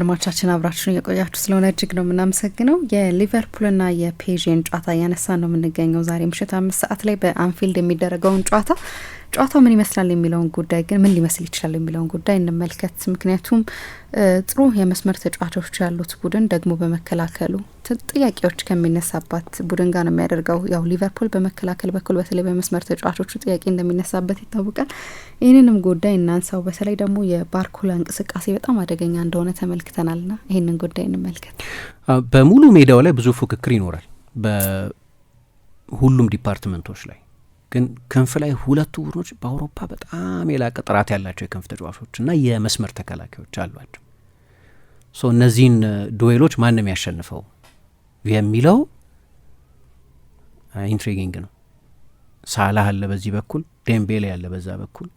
አድማጮቻችን አብራችሁን የቆያችሁ ስለሆነ እጅግ ነው የምናመሰግነው። የሊቨርፑልና የፔዥን ጨዋታ እያነሳ ነው የምንገኘው። ዛሬ ምሽት አምስት ሰዓት ላይ በአንፊልድ የሚደረገውን ጨዋታ ጨዋታው ምን ይመስላል የሚለውን ጉዳይ ግን ምን ሊመስል ይችላል የሚለውን ጉዳይ እንመልከት። ምክንያቱም ጥሩ የመስመር ተጫዋቾች ያሉት ቡድን ደግሞ በመከላከሉ ጥያቄዎች ከሚነሳባት ቡድን ጋር ነው የሚያደርገው። ያው ሊቨርፑል በመከላከል በኩል በተለይ በመስመር ተጫዋቾቹ ጥያቄ እንደሚነሳበት ይታወቃል። ይህንንም ጉዳይ እናንሳው። በተለይ ደግሞ የባርኮላ እንቅስቃሴ በጣም አደገኛ እንደሆነ ና ይህንን ጉዳይ እንመልከት። በሙሉ ሜዳው ላይ ብዙ ፉክክር ይኖራል በሁሉም ዲፓርትመንቶች ላይ ግን ክንፍ ላይ ሁለቱ ቡድኖች በአውሮፓ በጣም የላቀ ጥራት ያላቸው የክንፍ ተጫዋቾች እና የመስመር ተከላካዮች አሏቸው። ሶ እነዚህን ዱዌሎች ማንም ያሸንፈው የሚለው ኢንትሪጊንግ ነው። ሳላህ አለ በዚህ በኩል፣ ዴምቤሌ ያለ በዛ በኩል፣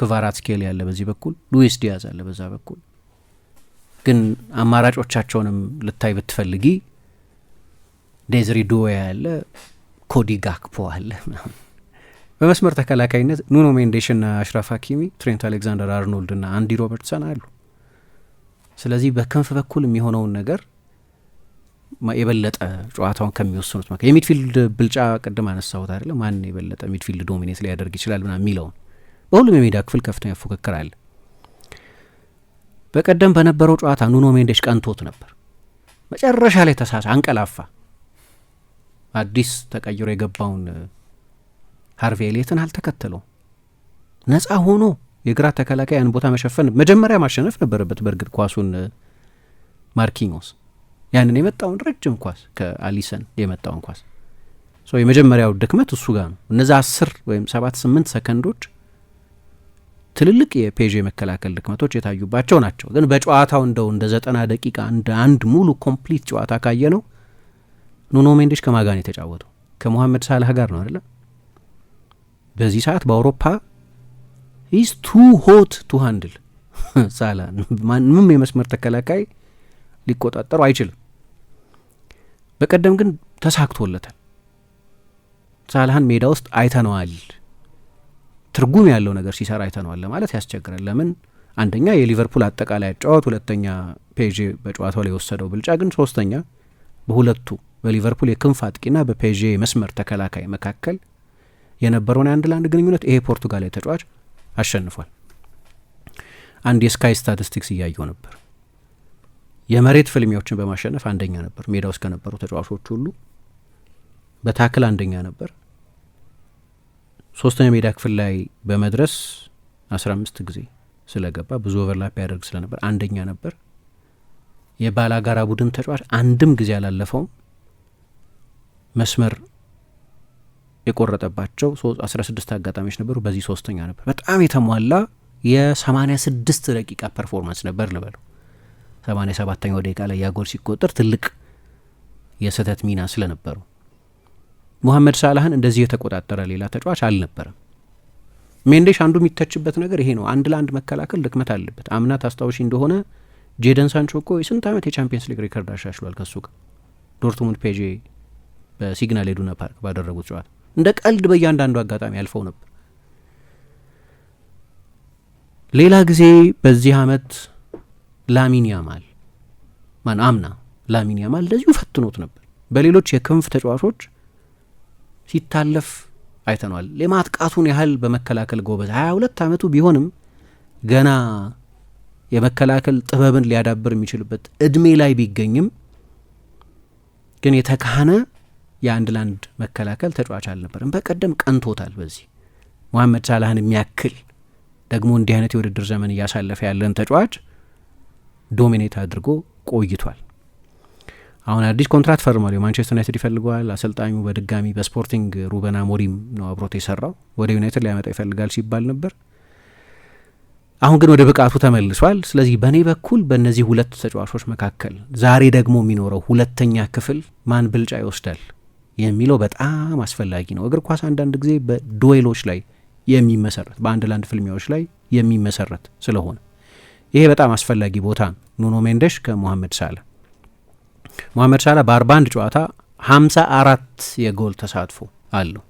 ክቫራትስኬል ያለ በዚህ በኩል፣ ሉዊስ ዲያዝ አለ በዛ በኩል። ግን አማራጮቻቸውንም ልታይ ብትፈልጊ ዴዝሪ ዱዌ ያለ ኮዲ ጋክፖ አለ ምናምን በመስመር ተከላካይነት ኑኖ ሜንዴሽና አሽራፍ ሀኪሚ፣ ትሬንት አሌክዛንደር አርኖልድና አንዲ ሮበርትሰን አሉ። ስለዚህ በክንፍ በኩል የሚሆነውን ነገር የበለጠ ጨዋታውን ከሚወስኑት መ የሚድፊልድ ብልጫ ቅድም አነሳሁት አይደለ? ማን የበለጠ ሚድፊልድ ዶሚኔት ሊያደርግ ይችላል ምናምን የሚለውን በሁሉም የሜዳ ክፍል ከፍተኛ ፉክክር አለ። በቀደም በነበረው ጨዋታ ኑኖ ሜንዴሽ ቀንቶት ነበር። መጨረሻ ላይ ተሳሳ፣ አንቀላፋ። አዲስ ተቀይሮ የገባውን ሃርቪ ኤሊየትን አልተከተለው። ነፃ ሆኖ የግራ ተከላካይ ያን ቦታ መሸፈን መጀመሪያ ማሸነፍ ነበረበት። በእርግጥ ኳሱን ማርኪኞስ ያንን የመጣውን ረጅም ኳስ ከአሊሰን የመጣውን ኳስ የመጀመሪያው ድክመት እሱ ጋር ነው። እነዚ አስር ወይም ሰባት ስምንት ሰከንዶች ትልልቅ የፔዥ የመከላከል ድክመቶች የታዩባቸው ናቸው። ግን በጨዋታው እንደው እንደ ዘጠና ደቂቃ እንደ አንድ ሙሉ ኮምፕሊት ጨዋታ ካየ ነው ኑኖ ሜንዴሽ ከማጋን የተጫወቱ ከሞሐመድ ሳላህ ጋር ነው አይደለም በዚህ ሰዓት በአውሮፓ ኢስ ቱ ሆት ቱ ሃንድል ሳላ ማንም የመስመር ተከላካይ ሊቆጣጠሩ አይችልም። በቀደም ግን ተሳክቶለታል። ሳላህን ሜዳ ውስጥ አይተነዋል። ትርጉም ያለው ነገር ሲሰራ አይተነዋል ለማለት ያስቸግራል። ለምን አንደኛ የሊቨርፑል አጠቃላይ አጫዋት፣ ሁለተኛ ፔዤ በጨዋታው ላይ የወሰደው ብልጫ ግን፣ ሶስተኛ በሁለቱ በሊቨርፑል የክንፍ አጥቂና በፔዤ የመስመር ተከላካይ መካከል የነበረውን የአንድ ለአንድ ግንኙነት ይሄ ፖርቱጋላዊ ተጫዋች አሸንፏል። አንድ የስካይ ስታቲስቲክስ እያየው ነበር። የመሬት ፍልሚያዎችን በማሸነፍ አንደኛ ነበር። ሜዳ ውስጥ ከነበሩ ተጫዋቾች ሁሉ በታክል አንደኛ ነበር። ሶስተኛ ሜዳ ክፍል ላይ በመድረስ አስራ አምስት ጊዜ ስለገባ ብዙ ኦቨርላፕ ያደርግ ስለነበር አንደኛ ነበር። የባላጋራ ቡድን ተጫዋች አንድም ጊዜ አላለፈውም መስመር የቆረጠባቸው 16 አጋጣሚዎች ነበሩ። በዚህ ሶስተኛ ነበር። በጣም የተሟላ የ86 ደቂቃ ፐርፎርማንስ ነበር ልበለው። 87ኛው ደቂቃ ላይ ያጎል ሲቆጠር ትልቅ የስህተት ሚና ስለነበሩ ሙሐመድ ሳላህን እንደዚህ የተቆጣጠረ ሌላ ተጫዋች አልነበረም። ሜንዴሽ አንዱ የሚተችበት ነገር ይሄ ነው። አንድ ለአንድ መከላከል ድክመት አለበት። አምናት ታስታውሺ እንደሆነ ጄደን ሳንቾ እኮ የስንት ዓመት የቻምፒየንስ ሊግ ሪከርድ አሻሽሏል ከሱ ጋር ዶርትሙንድ ፔጄ በሲግናል ኢዱና ፓርክ ባደረጉት ጨዋታ እንደ ቀልድ በእያንዳንዱ አጋጣሚ ያልፈው ነበር። ሌላ ጊዜ በዚህ አመት ላሚን ያማል ማን አምና ላሚን ያማል እንደዚሁ ፈትኖት ነበር። በሌሎች የክንፍ ተጫዋቾች ሲታለፍ አይተነዋል። የማጥቃቱን ያህል በመከላከል ጎበዝ ሀያ ሁለት አመቱ ቢሆንም ገና የመከላከል ጥበብን ሊያዳብር የሚችልበት እድሜ ላይ ቢገኝም ግን የተካነ የአንድ ለአንድ መከላከል ተጫዋች አልነበረም። በቀደም ቀንቶታል። በዚህ መሐመድ ሳላህን የሚያክል ደግሞ እንዲህ አይነት የውድድር ዘመን እያሳለፈ ያለን ተጫዋች ዶሚኔት አድርጎ ቆይቷል። አሁን አዲስ ኮንትራት ፈርሟል። የማንቸስተር ዩናይትድ ይፈልገዋል። አሰልጣኙ በድጋሚ በስፖርቲንግ ሩበን አሞሪም ነው አብሮት የሰራው። ወደ ዩናይትድ ሊያመጣ ይፈልጋል ሲባል ነበር። አሁን ግን ወደ ብቃቱ ተመልሷል። ስለዚህ በእኔ በኩል በእነዚህ ሁለት ተጫዋቾች መካከል ዛሬ ደግሞ የሚኖረው ሁለተኛ ክፍል ማን ብልጫ ይወስዳል የሚለው በጣም አስፈላጊ ነው። እግር ኳስ አንዳንድ ጊዜ በዱዌሎች ላይ የሚመሰረት በአንድ ለአንድ ፍልሚያዎች ላይ የሚመሰረት ስለሆነ ይሄ በጣም አስፈላጊ ቦታ ነው። ኑኖ ሜንደሽ ከሞሐመድ ሳላ ሞሐመድ ሳላ በአርባአንድ 41 ጨዋታ አራት የጎል ተሳትፎ አለው።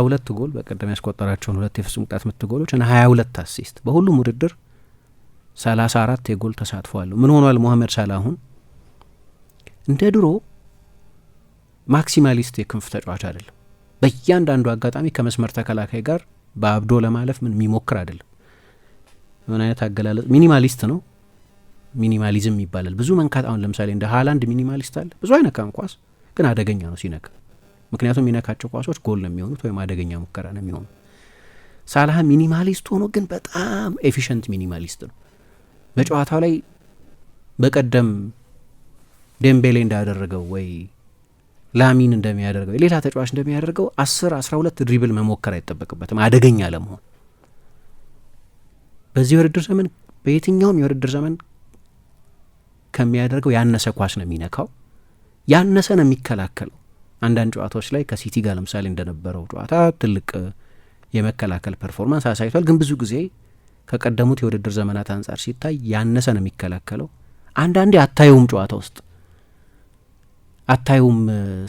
ሁለት ጎል በቀደም ያስቆጠራቸውን ሁለት የፍጹም ቅጣት ምት ጎሎች እና 22 አሲስት በሁሉም ውድድር አራት የጎል ተሳትፎ አለው። ምን ሆኗል? ሞሐመድ ሳላ አሁን እንደ ድሮ ማክሲማሊስት የክንፍ ተጫዋች አይደለም። በእያንዳንዱ አጋጣሚ ከመስመር ተከላካይ ጋር በአብዶ ለማለፍ ምን የሚሞክር አይደለም። ምን አይነት አገላለጽ ሚኒማሊስት ነው። ሚኒማሊዝም ይባላል። ብዙ መንካት። አሁን ለምሳሌ እንደ ሃላንድ ሚኒማሊስት አለ። ብዙ አይነካም ኳስ፣ ግን አደገኛ ነው ሲነካ። ምክንያቱም የሚነካቸው ኳሶች ጎል ነው የሚሆኑት ወይም አደገኛ ሙከራ ነው የሚሆኑት። ሳላህ ሚኒማሊስት ሆኖ ግን በጣም ኤፊሽንት ሚኒማሊስት ነው። በጨዋታው ላይ በቀደም ዴምቤሌ እንዳደረገው ወይ ላሚን እንደሚያደርገው ሌላ ተጫዋች እንደሚያደርገው አስር አስራ ሁለት ድሪብል መሞከር አይጠበቅበትም አደገኛ ለመሆን በዚህ የውድድር ዘመን በየትኛውም የውድድር ዘመን ከሚያደርገው ያነሰ ኳስ ነው የሚነካው ያነሰ ነው የሚከላከለው አንዳንድ ጨዋታዎች ላይ ከሲቲ ጋር ለምሳሌ እንደነበረው ጨዋታ ትልቅ የመከላከል ፐርፎርማንስ አሳይቷል ግን ብዙ ጊዜ ከቀደሙት የውድድር ዘመናት አንጻር ሲታይ ያነሰ ነው የሚከላከለው አንዳንዴ አታየውም ጨዋታ ውስጥ አታዩም።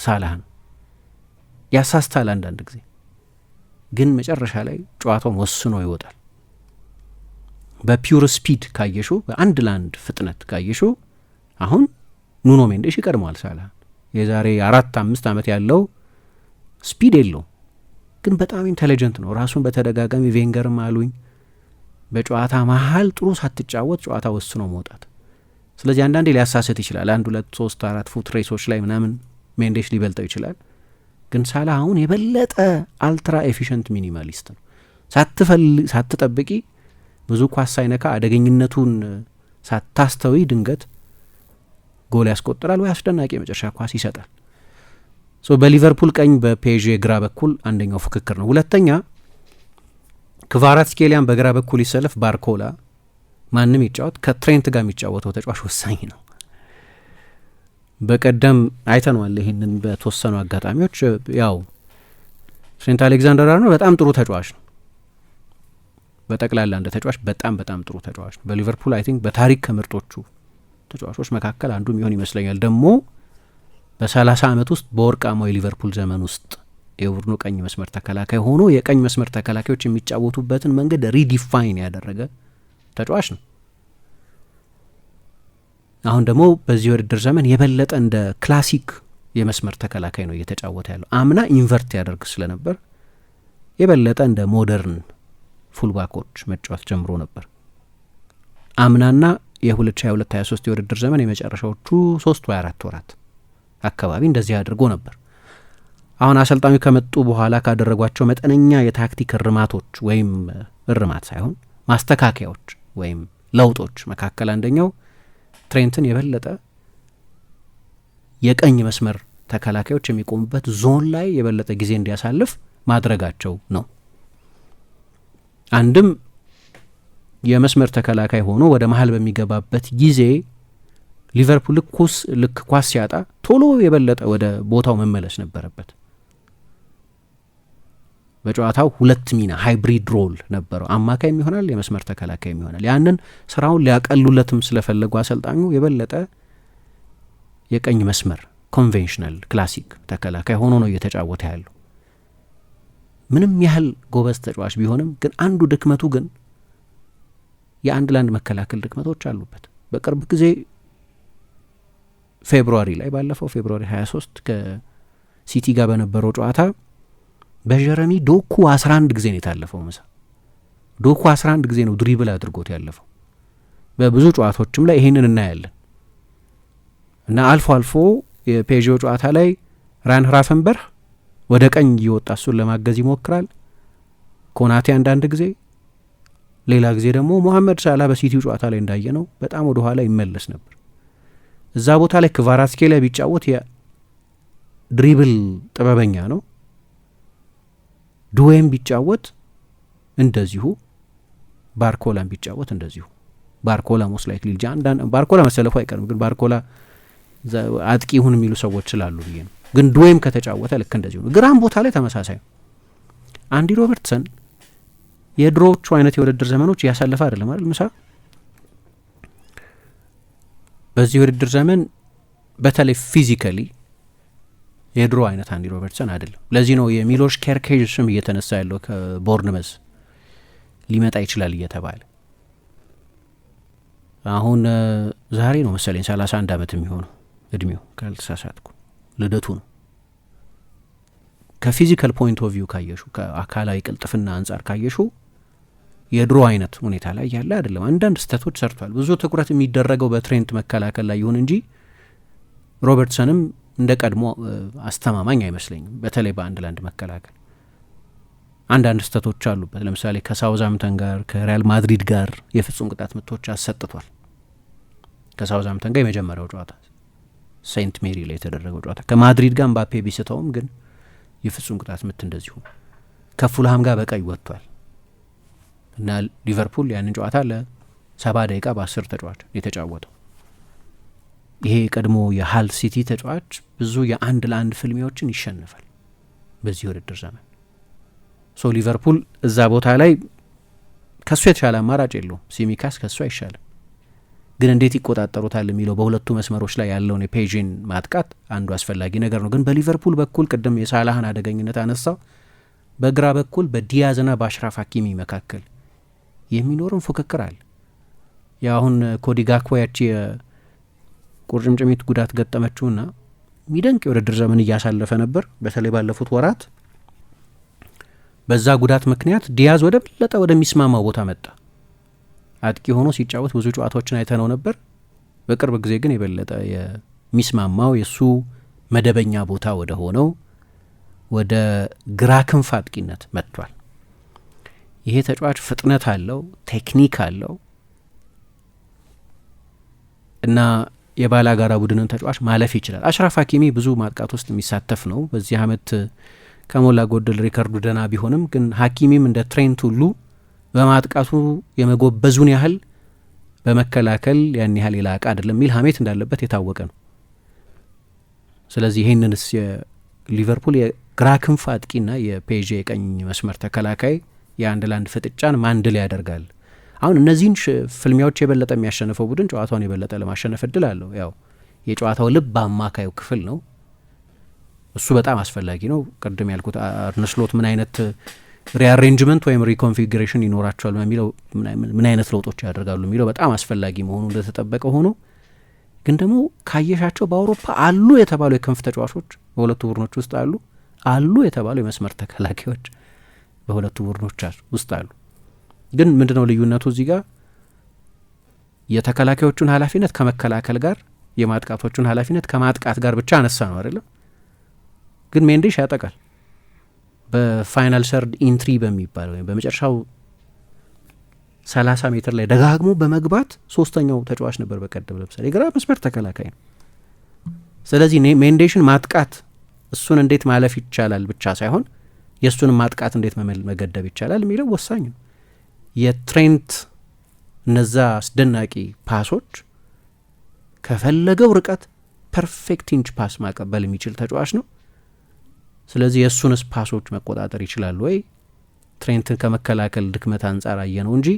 ሳላህን ያሳስታል አንዳንድ ጊዜ ግን መጨረሻ ላይ ጨዋታውን ወስኖ ይወጣል። በፒውር ስፒድ ካየሹ በአንድ ለአንድ ፍጥነት ካየሹ አሁን ኑኖ ሜንዴሽ ይቀድመዋል ሳላህን። የዛሬ አራት አምስት ዓመት ያለው ስፒድ የለው ግን በጣም ኢንቴሊጀንት ነው። ራሱን በተደጋጋሚ ቬንገርም አሉኝ በጨዋታ መሀል ጥሩ ሳትጫወት ጨዋታ ወስኖ መውጣት ስለዚህ አንዳንዴ ሊያሳስት ይችላል። አንድ ሁለት ሶስት አራት ፉት ሬሶች ላይ ምናምን ሜንዴሽ ሊበልጠው ይችላል። ግን ሳላ አሁን የበለጠ አልትራ ኤፊሽንት ሚኒማሊስት ነው። ሳትጠብቂ ብዙ ኳስ ሳይነካ አደገኝነቱን ሳታስተዊ ድንገት ጎል ያስቆጥራል ወይ አስደናቂ የመጨረሻ ኳስ ይሰጣል። በሊቨርፑል ቀኝ በፔዥ ግራ በኩል አንደኛው ፍክክር ነው። ሁለተኛ ክቫራትስኬሊያን በግራ በኩል ይሰለፍ ባርኮላ ማንም ይጫወት ከትሬንት ጋር የሚጫወተው ተጫዋች ወሳኝ ነው። በቀደም አይተነዋል። ይህንን በተወሰኑ አጋጣሚዎች ያው ትሬንት አሌክዛንደር አርኖልድ በጣም ጥሩ ተጫዋች ነው። በጠቅላላ እንደ ተጫዋች በጣም በጣም ጥሩ ተጫዋች ነው። በሊቨርፑል አይ ቲንክ በታሪክ ከምርጦቹ ተጫዋቾች መካከል አንዱ የሚሆን ይመስለኛል። ደግሞ በሰላሳ አመት ውስጥ በወርቃማው የሊቨርፑል ዘመን ውስጥ የቡድኑ ቀኝ መስመር ተከላካይ ሆኖ የቀኝ መስመር ተከላካዮች የሚጫወቱበትን መንገድ ሪዲፋይን ያደረገ ተጫዋች ነው። አሁን ደግሞ በዚህ ውድድር ዘመን የበለጠ እንደ ክላሲክ የመስመር ተከላካይ ነው እየተጫወተ ያለው። አምና ኢንቨርት ያደርግ ስለነበር የበለጠ እንደ ሞደርን ፉልባኮች መጫወት ጀምሮ ነበር። አምናና የ2022/23 የውድድር ዘመን የመጨረሻዎቹ ሶስት ወይ አራት ወራት አካባቢ እንደዚህ አድርጎ ነበር። አሁን አሰልጣኙ ከመጡ በኋላ ካደረጓቸው መጠነኛ የታክቲክ እርማቶች ወይም እርማት ሳይሆን ማስተካከያዎች ወይም ለውጦች መካከል አንደኛው ትሬንትን የበለጠ የቀኝ መስመር ተከላካዮች የሚቆሙበት ዞን ላይ የበለጠ ጊዜ እንዲያሳልፍ ማድረጋቸው ነው። አንድም የመስመር ተከላካይ ሆኖ ወደ መሀል በሚገባበት ጊዜ ሊቨርፑል ልክ ኳስ ሲያጣ ቶሎ የበለጠ ወደ ቦታው መመለስ ነበረበት። በጨዋታው ሁለት ሚና ሃይብሪድ ሮል ነበረው። አማካይም ይሆናል፣ የመስመር ተከላካይም ይሆናል። ያንን ስራውን ሊያቀሉለትም ስለፈለጉ አሰልጣኙ የበለጠ የቀኝ መስመር ኮንቬንሽናል ክላሲክ ተከላካይ ሆኖ ነው እየተጫወተ ያለው። ምንም ያህል ጎበዝ ተጫዋች ቢሆንም ግን አንዱ ድክመቱ ግን የአንድ ለአንድ መከላከል ድክመቶች አሉበት። በቅርብ ጊዜ ፌብሩዋሪ ላይ ባለፈው ፌብሩዋሪ 23 ከሲቲ ጋር በነበረው ጨዋታ በጀረሚ ዶኩ 11 ጊዜ ነው የታለፈው ምሳ ዶኩ 11 ጊዜ ነው ድሪብል አድርጎት ያለፈው። በብዙ ጨዋታዎችም ላይ ይሄንን እናያለን እና አልፎ አልፎ የፔዥዮ ጨዋታ ላይ ራን ራፈንበርህ ወደ ቀኝ እየወጣ እሱን ለማገዝ ይሞክራል። ኮናቴ አንዳንድ ጊዜ፣ ሌላ ጊዜ ደግሞ ሞሐመድ ሳላ በሲቲው ጨዋታ ላይ እንዳየ ነው በጣም ወደ ኋላ ይመለስ ነበር። እዛ ቦታ ላይ ክቫራትስኬሊያ ቢጫወት የድሪብል ጥበበኛ ነው። ዱዌም ቢጫወት እንደዚሁ ባርኮላም ቢጫወት እንደዚሁ ባርኮላ ሞስ ላይክ ሊልጃ ባርኮላ መሰለፉ አይቀርም፣ ግን ባርኮላ አጥቂ ይሁን የሚሉ ሰዎች ስላሉ ብዬ ነው። ግን ዱዌም ከተጫወተ ልክ እንደዚሁ ነው። ግራም ቦታ ላይ ተመሳሳይ ነው። አንዲ ሮበርትሰን የድሮዎቹ አይነት የውድድር ዘመኖች እያሳለፈ አይደለም አይደል ምሳ በዚህ የውድድር ዘመን በተለይ ፊዚካሊ የድሮ አይነት አንዲ ሮበርትሰን አይደለም። ለዚህ ነው የሚሎሽ ኬርኬዥ ስም እየተነሳ ያለው ከቦርንመዝ ሊመጣ ይችላል እየተባለ አሁን ዛሬ ነው መሰለኝ ሰላሳ አንድ አመት የሚሆነው እድሜው ካልተሳሳትኩ፣ ልደቱ ነው። ከፊዚካል ፖይንት ኦፍ ቪው ካየሹ፣ ከአካላዊ ቅልጥፍና አንጻር ካየሹ የድሮ አይነት ሁኔታ ላይ ያለ አይደለም። አንዳንድ ስህተቶች ሰርቷል። ብዙ ትኩረት የሚደረገው በትሬንት መከላከል ላይ ይሁን እንጂ ሮበርትሰንም እንደ ቀድሞ አስተማማኝ አይመስለኝም። በተለይ በአንድ ለአንድ መከላከል አንዳንድ ስህተቶች አሉበት። ለምሳሌ ከሳውዛምተን ጋር ከሪያል ማድሪድ ጋር የፍጹም ቅጣት ምቶች አሰጥቷል። ከሳውዛምተን ጋር የመጀመሪያው ጨዋታ ሴንት ሜሪ ላይ የተደረገው ጨዋታ ከማድሪድ ጋር ምባፔ ቢስተውም ግን የፍጹም ቅጣት ምት እንደዚሁ ከፉልሃም ጋር በቀይ ወጥቷል እና ሊቨርፑል ያንን ጨዋታ ለሰባ ደቂቃ በአስር ተጫዋች የተጫወተው ይሄ የቀድሞ የሃል ሲቲ ተጫዋች ብዙ የአንድ ለአንድ ፍልሚያዎችን ይሸንፋል በዚህ ውድድር ዘመን። ሶ ሊቨርፑል እዛ ቦታ ላይ ከሱ የተሻለ አማራጭ የለውም። ሲሚካስ ከሱ አይሻልም። ግን እንዴት ይቆጣጠሩታል የሚለው በሁለቱ መስመሮች ላይ ያለውን የፔዥን ማጥቃት አንዱ አስፈላጊ ነገር ነው። ግን በሊቨርፑል በኩል ቅድም የሳላህን አደገኝነት አነሳው። በግራ በኩል በዲያዝና በአሽራፍ ሀኪሚ መካከል የሚኖርም ፉክክር አለ። የአሁን ኮዲ ጋክፖ ያቺ ቁርጭምጭሚት ጉዳት ገጠመችውና ሚደንቅ የውድድር ዘመን እያሳለፈ ነበር። በተለይ ባለፉት ወራት በዛ ጉዳት ምክንያት ዲያዝ ወደ በለጠ ወደሚስማማው ቦታ መጣ። አጥቂ ሆኖ ሲጫወት ብዙ ጨዋታዎችን አይተነው ነበር። በቅርብ ጊዜ ግን የበለጠ የሚስማማው የእሱ መደበኛ ቦታ ወደ ሆነው ወደ ግራ ክንፍ አጥቂነት መጥቷል። ይሄ ተጫዋች ፍጥነት አለው፣ ቴክኒክ አለው እና የባላጋራ ቡድንን ተጫዋች ማለፍ ይችላል። አሽራፍ ሀኪሚ ብዙ ማጥቃት ውስጥ የሚሳተፍ ነው። በዚህ አመት ከሞላ ጎደል ሪከርዱ ደና ቢሆንም ግን ሀኪሚም እንደ ትሬንት ሁሉ በማጥቃቱ የመጎበዙን ያህል በመከላከል ያን ያህል የላቀ አይደለም የሚል ሀሜት እንዳለበት የታወቀ ነው። ስለዚህ ይህንንስ የሊቨርፑል የግራ ክንፍ አጥቂና የፔዥ የቀኝ መስመር ተከላካይ የአንድ ለአንድ ፍጥጫን ማንድል ያደርጋል? አሁን እነዚህን ፍልሚያዎች የበለጠ የሚያሸንፈው ቡድን ጨዋታውን የበለጠ ለማሸነፍ እድል አለው። ያው የጨዋታው ልብ አማካዩ ክፍል ነው። እሱ በጣም አስፈላጊ ነው። ቅድም ያልኩት አርነ ስሎት ምን አይነት ሪአሬንጅመንት ወይም ሪኮንፊግሬሽን ይኖራቸዋል በሚለው ምን አይነት ለውጦች ያደርጋሉ የሚለው በጣም አስፈላጊ መሆኑ እንደተጠበቀ ሆኖ ግን ደግሞ ካየሻቸው በአውሮፓ አሉ የተባሉ የክንፍ ተጫዋቾች በሁለቱ ቡድኖች ውስጥ አሉ አሉ የተባሉ የመስመር ተከላካዮች በሁለቱ ቡድኖች ውስጥ አሉ። ግን ምንድነው ልዩነቱ እዚህ ጋር የተከላካዮቹን ኃላፊነት ከመከላከል ጋር የማጥቃቶቹን ኃላፊነት ከማጥቃት ጋር ብቻ አነሳ ነው አይደለም። ግን ሜንዴሽ ያጠቃል። በፋይናል ሰርድ ኢንትሪ በሚባል ወይም በመጨረሻው ሰላሳ ሜትር ላይ ደጋግሞ በመግባት ሶስተኛው ተጫዋች ነበር። በቀደም ለምሳሌ የግራ መስመር ተከላካይ ነው። ስለዚህ ሜንዴሽን ማጥቃት እሱን እንዴት ማለፍ ይቻላል ብቻ ሳይሆን የእሱንም ማጥቃት እንዴት መገደብ ይቻላል የሚለው ወሳኝ ነው። የትሬንት እነዛ አስደናቂ ፓሶች ከፈለገው ርቀት ፐርፌክት ኢንች ፓስ ማቀበል የሚችል ተጫዋች ነው። ስለዚህ የእሱንስ ፓሶች መቆጣጠር ይችላል ወይ? ትሬንትን ከመከላከል ድክመት አንጻር አየ ነው እንጂ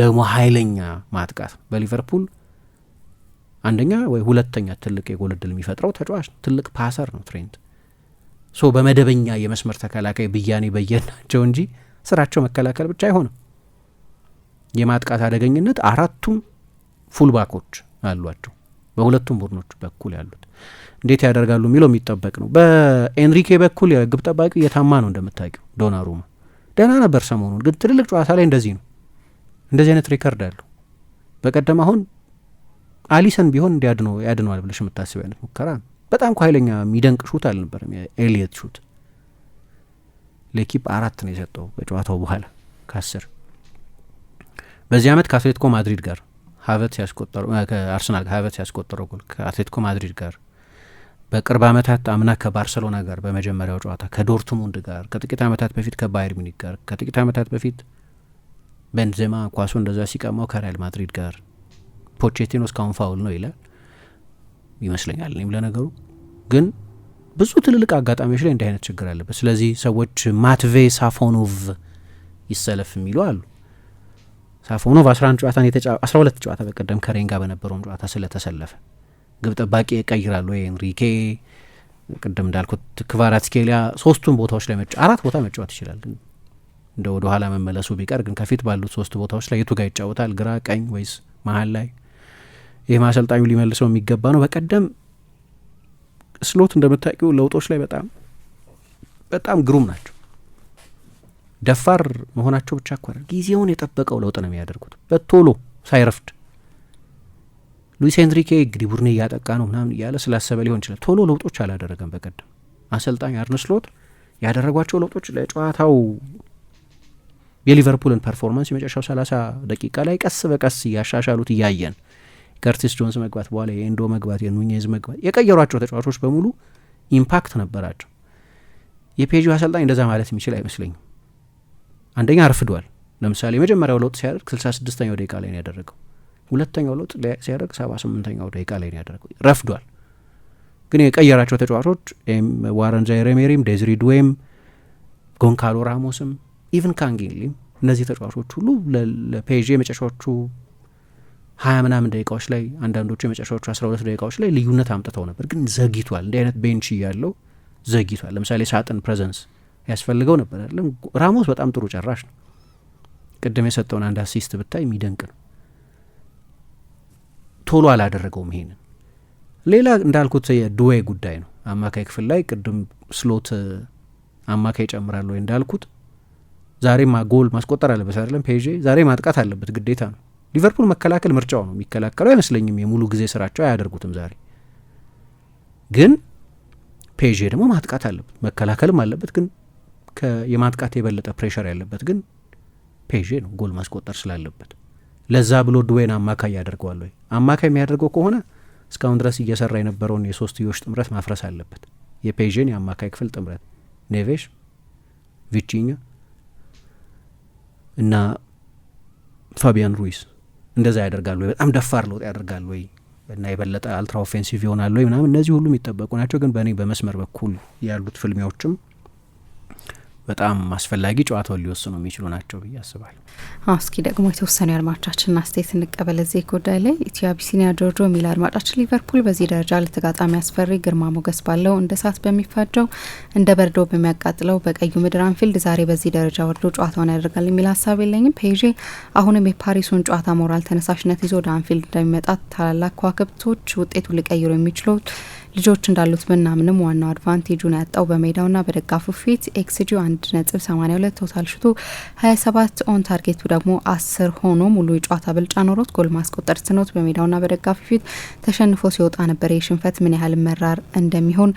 ደግሞ ኃይለኛ ማጥቃት በሊቨርፑል አንደኛ ወይ ሁለተኛ ትልቅ የጎል እድል የሚፈጥረው ተጫዋች ነው። ትልቅ ፓሰር ነው ትሬንት። ሶ በመደበኛ የመስመር ተከላካይ ብያኔ በየናቸው እንጂ ስራቸው መከላከል ብቻ አይሆንም። የማጥቃት አደገኝነት አራቱም ፉልባኮች አሏቸው በሁለቱም ቡድኖች በኩል ያሉት እንዴት ያደርጋሉ የሚለው የሚጠበቅ ነው። በኤንሪኬ በኩል የግብ ጠባቂ እየታማ ነው እንደምታውቂው። ዶናሩማ ደህና ነበር ሰሞኑን፣ ግን ትልልቅ ጨዋታ ላይ እንደዚህ ነው እንደዚህ አይነት ሪከርድ አለው። በቀደም አሁን አሊሰን ቢሆን እንዲያድነው ያድነዋል ብለሽ የምታስብ አይነት ሙከራ ነው። በጣም እኮ ኃይለኛ የሚደንቅ ሹት አልነበረም የኤሊየት ሹት። ለኪፕ አራት ነው የሰጠው ከጨዋታው በኋላ ከአስር በዚህ ዓመት ከአትሌቲኮ ማድሪድ ጋር ሀቨት ያስቆጠረው ከአርሰናል ጋር ሀቨት ያስቆጠረው ጎል ከአትሌቲኮ ማድሪድ ጋር በቅርብ ዓመታት አምና ከባርሰሎና ጋር በመጀመሪያው ጨዋታ ከዶርትሙንድ ጋር ከጥቂት ዓመታት በፊት ከባየር ሚኒክ ጋር ከጥቂት ዓመታት በፊት ቤንዜማ ኳሱ እንደዛ ሲቀማው ከሪያል ማድሪድ ጋር ፖቼቲኖ እስካሁን ፋውል ነው ይላል ይመስለኛል። እኔም ለነገሩ ግን ብዙ ትልልቅ አጋጣሚዎች ላይ እንዲህ አይነት ችግር አለበት። ስለዚህ ሰዎች ማትቬ ሳፎኖቭ ይሰለፍ የሚሉ አሉ። በ 11 ጨዋታን የተጫ 12 ጨዋታ በቀደም ከሬንጋ በነበረውም ጨዋታ ስለተሰለፈ ግብ ጠባቂ ይቀይራሉ። ኤንሪኬ ቅድም እንዳልኩት ክቫራትስኬሊያ ሶስቱን ቦታዎች ላይ መጫ አራት ቦታ መጫወት ይችላል። ግን እንደ ወደ ኋላ መመለሱ ቢቀር ግን ከፊት ባሉት ሶስት ቦታዎች ላይ የቱ ጋር ይጫወታል? ግራ ቀኝ ወይስ መሀል ላይ? ይህ ማሰልጣኙ ሊመልሰው የሚገባ ነው። በቀደም ስሎት እንደምታውቂው ለውጦች ላይ በጣም በጣም ግሩም ናቸው። ደፋር መሆናቸው ብቻ እኮ ጊዜውን የጠበቀው ለውጥ ነው የሚያደርጉት በቶሎ ሳይረፍድ። ሉዊስ ሄንሪኬ እንግዲህ ቡድኔ እያጠቃ ነው ምናምን እያለ ስላሰበ ሊሆን ይችላል ቶሎ ለውጦች አላደረገም። በቀደም አሰልጣኝ አርነ ስሎት ያደረጓቸው ለውጦች ለጨዋታው የሊቨርፑልን ፐርፎርማንስ የመጨረሻው 30 ደቂቃ ላይ ቀስ በቀስ እያሻሻሉት እያየን ከርቲስ ጆንስ መግባት በኋላ የኤንዶ መግባት የኑኜዝ መግባት የቀየሯቸው ተጫዋቾች በሙሉ ኢምፓክት ነበራቸው። የፔጂ አሰልጣኝ እንደዛ ማለት የሚችል አይመስለኝም። አንደኛ አርፍዷል። ለምሳሌ የመጀመሪያው ለውጥ ሲያደርግ ስልሳ ስድስተኛው ደቂቃ ላይ ነው ያደረገው። ሁለተኛው ለውጥ ሲያደርግ ሰባ ስምንተኛው ደቂቃ ላይ ነው ያደረገው። ረፍዷል። ግን የቀየራቸው ተጫዋቾች ዋረን ዛይሬሜሪም፣ ዴዝሪ ዱዌም፣ ጎንካሎ ራሞስም፣ ኢቨን ካንጊሊም እነዚህ ተጫዋቾች ሁሉ ለፔዥ የመጨረሻዎቹ ሀያ ምናምን ደቂቃዎች ላይ አንዳንዶቹ የመጨረሻዎቹ አስራ ሁለት ደቂቃዎች ላይ ልዩነት አምጥተው ነበር፣ ግን ዘግይቷል። እንዲህ አይነት ቤንች እያለው ዘግይቷል። ለምሳሌ ሳጥን ፕሬዘንስ ያስፈልገው ነበር አይደለም። ራሞስ በጣም ጥሩ ጨራሽ ነው። ቅድም የሰጠውን አንድ አሲስት ብታይ የሚደንቅ ነው። ቶሎ አላደረገውም ይሄንን። ሌላ እንዳልኩት የድዌ ጉዳይ ነው። አማካይ ክፍል ላይ ቅድም ስሎት አማካይ ጨምራለሁ ወይ እንዳልኩት ዛሬ ጎል ማስቆጠር አለበት አይደለም። ፔዤ ዛሬ ማጥቃት አለበት ግዴታ ነው። ሊቨርፑል መከላከል ምርጫው ነው። የሚከላከለው አይመስለኝም። የሙሉ ጊዜ ስራቸው አያደርጉትም። ዛሬ ግን ፔዤ ደግሞ ማጥቃት አለበት መከላከልም አለበት ግን የማጥቃት የበለጠ ፕሬሸር ያለበት ግን ፔዤ ነው፣ ጎል ማስቆጠር ስላለበት። ለዛ ብሎ ድዌን አማካይ ያደርገዋል ወይ? አማካይ የሚያደርገው ከሆነ እስካሁን ድረስ እየሰራ የነበረውን የሶስትዮሽ ጥምረት ማፍረስ አለበት። የፔዤን የአማካይ ክፍል ጥምረት ኔቬሽ፣ ቪቺኛ እና ፋቢያን ሩይስ እንደዛ ያደርጋሉ ወይ? በጣም ደፋር ለውጥ ያደርጋሉ ወይ? እና የበለጠ አልትራ ኦፌንሲቭ ይሆናሉ ወይ ምናምን፣ እነዚህ ሁሉ የሚጠበቁ ናቸው። ግን በእኔ በመስመር በኩል ያሉት ፍልሚያዎችም በጣም አስፈላጊ ጨዋታውን ሊወስኑ የሚችሉ ናቸው ብዬ አስባለሁ። እስኪ ደግሞ የተወሰኑ የአድማጫችን አስተያየት እንቀበል። እዚህ ጉዳይ ላይ ኢትዮ አቢሲኒያ ጆርጆ የሚል አድማጫችን ሊቨርፑል በዚህ ደረጃ ለተጋጣሚ አስፈሪ ግርማ ሞገስ ባለው እንደ እሳት በሚፋጀው እንደ በርዶ በሚያቃጥለው በቀዩ ምድር አንፊልድ ዛሬ በዚህ ደረጃ ወርዶ ጨዋታውን ያደርጋል የሚል ሀሳብ የለኝም። ፔዤ አሁንም የፓሪሱን ጨዋታ ሞራል ተነሳሽነት ይዞ ወደ አንፊልድ እንደሚመጣ ታላላቅ ከዋክብቶች ውጤቱ ሊቀይሩ የሚችሉት ልጆች እንዳሉት ብናምንም ዋናው አድቫንቴጁን ያጣው በሜዳውና በደጋፉ ፊት ኤክስጂ አንድ ነጥብ ሰማኒያ ሁለት ቶታል ሽቱ ሀያ ሰባት ኦን ታርጌቱ ደግሞ አስር ሆኖ ሙሉ የጨዋታ ብልጫ ኖሮት ጎል ማስቆጠር ስኖት በሜዳውና በደጋፊው ፊት ተሸንፎ ሲወጣ ነበር። የሽንፈት ምን ያህል መራር እንደሚሆን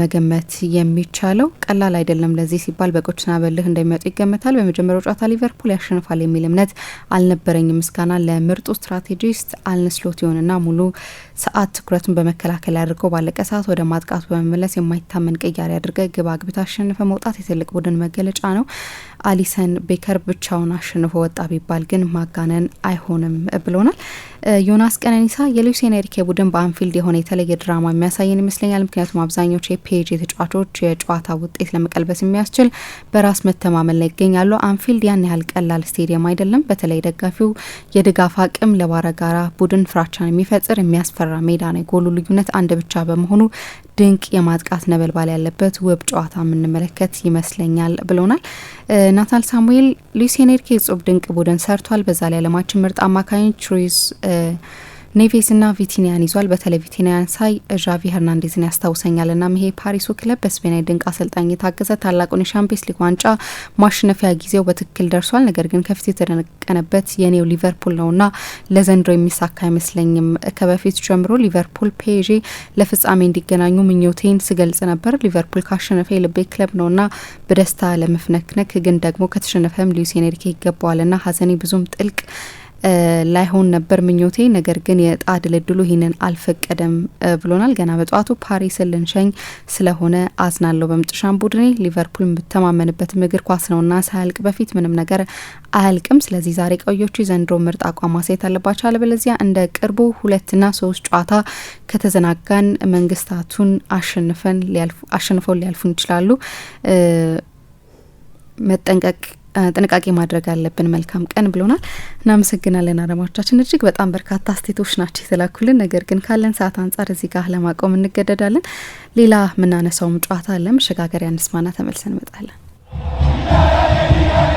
መገመት የሚቻለው ቀላል አይደለም። ለዚህ ሲባል በቆችና በልህ እንደሚወጡ ይገመታል። በመጀመሪያው ጨዋታ ሊቨርፑል ያሸንፋል የሚል እምነት አልነበረኝም። ምስጋና ለምርጡ ስትራቴጂስት አልንስሎት ይሆንና ሙሉ ሰዓት ትኩረቱን በመከላከል ያደርገ አድርጎ ባለቀ ሰዓት ወደ ማጥቃቱ በመመለስ የማይታመን ቅያሬ አድርገ ግብ አግብታ አሸንፈ መውጣት የትልቅ ቡድን መገለጫ ነው። አሊሰን ቤከር ብቻውን አሸንፎ ወጣ ቢባል ግን ማጋነን አይሆንም ብሎናል። ዮናስ ቀነኒሳ የሉዊስ ኤንሪኬ ቡድን በአንፊልድ የሆነ የተለየ ድራማ የሚያሳየን ይመስለኛል። ምክንያቱም አብዛኞቹ የፒኤጂ ተጫዋቾች የጨዋታ ውጤት ለመቀልበስ የሚያስችል በራስ መተማመን ላይ ይገኛሉ። አንፊልድ ያን ያህል ቀላል ስቴዲየም አይደለም። በተለይ ደጋፊው የድጋፍ አቅም ለባረጋራ ቡድን ፍራቻን የሚፈጥር የሚያስፈራ ሜዳ ነው። የጎሉ ልዩነት አንድ ብቻ በመሆኑ ድንቅ የማጥቃት ነበልባል ያለበት ውብ ጨዋታ የምንመለከት ይመስለኛል ብሎናል ናታል ሳሙኤል። ሉዊስ ኤንሪኬ ጽሁፍ ድንቅ ቡድን ሰርቷል። በዛ ላይ ዓለማችን ምርጥ አማካኝ ሩይዝ ኔቬዝና ቪቲኒያን ይዟል። በተለይ ቪቲኒያን ሳይ ዣቪ ሄርናንዴዝን ያስታውሰኛል። ና ይሄ ፓሪሱ ክለብ በስፔናዊ ድንቅ አሰልጣኝ የታገዘ ታላቁን የሻምፒየንስ ሊግ ዋንጫ ማሸነፊያ ጊዜው በትክክል ደርሷል። ነገር ግን ከፊት የተደነቀነበት የኔው ሊቨርፑል ነው። ና ለዘንድሮ የሚሳካ አይመስለኝም። ከበፊት ጀምሮ ሊቨርፑል ፔዤ ለፍጻሜ እንዲገናኙ ምኞቴን ስገልጽ ነበር። ሊቨርፑል ካሸነፈ የልቤ ክለብ ነው። ና በደስታ ለመፍነክነክ ግን ደግሞ ከተሸነፈም ሉዊስ ኤንሪኬ ና ሀዘኔ ብዙም ጥልቅ ላይሆን ነበር ምኞቴ፣ ነገር ግን የዕጣ ድልድሉ ይህንን አልፈቀደም ብሎናል። ገና በጠዋቱ ፓሪስን ልንሸኝ ስለሆነ አዝናለሁ። በመጨረሻም ቡድኔ ሊቨርፑል የምተማመንበትም እግር ኳስ ነውና ሳያልቅ በፊት ምንም ነገር አያልቅም። ስለዚህ ዛሬ ቀዮቹ የዘንድሮ ምርጥ አቋም ማሳየት አለባቸው። አለበለዚያ እንደ ቅርቡ ሁለትና ሶስት ጨዋታ ከተዘናጋን መንግስታቱን አሸንፈን አሸንፈው ሊያልፉን ይችላሉ። መጠንቀቅ ጥንቃቄ ማድረግ አለብን። መልካም ቀን ብሎናል። እናመሰግናለን አድማጮቻችን። እጅግ በጣም በርካታ አስቴቶች ናቸው የተላኩልን። ነገር ግን ካለን ሰዓት አንጻር እዚህ ጋር ለማቆም እንገደዳለን። ሌላ የምናነሳውም ጨዋታ ለመሸጋገሪያ እንስማና ተመልሰን እንመጣለን።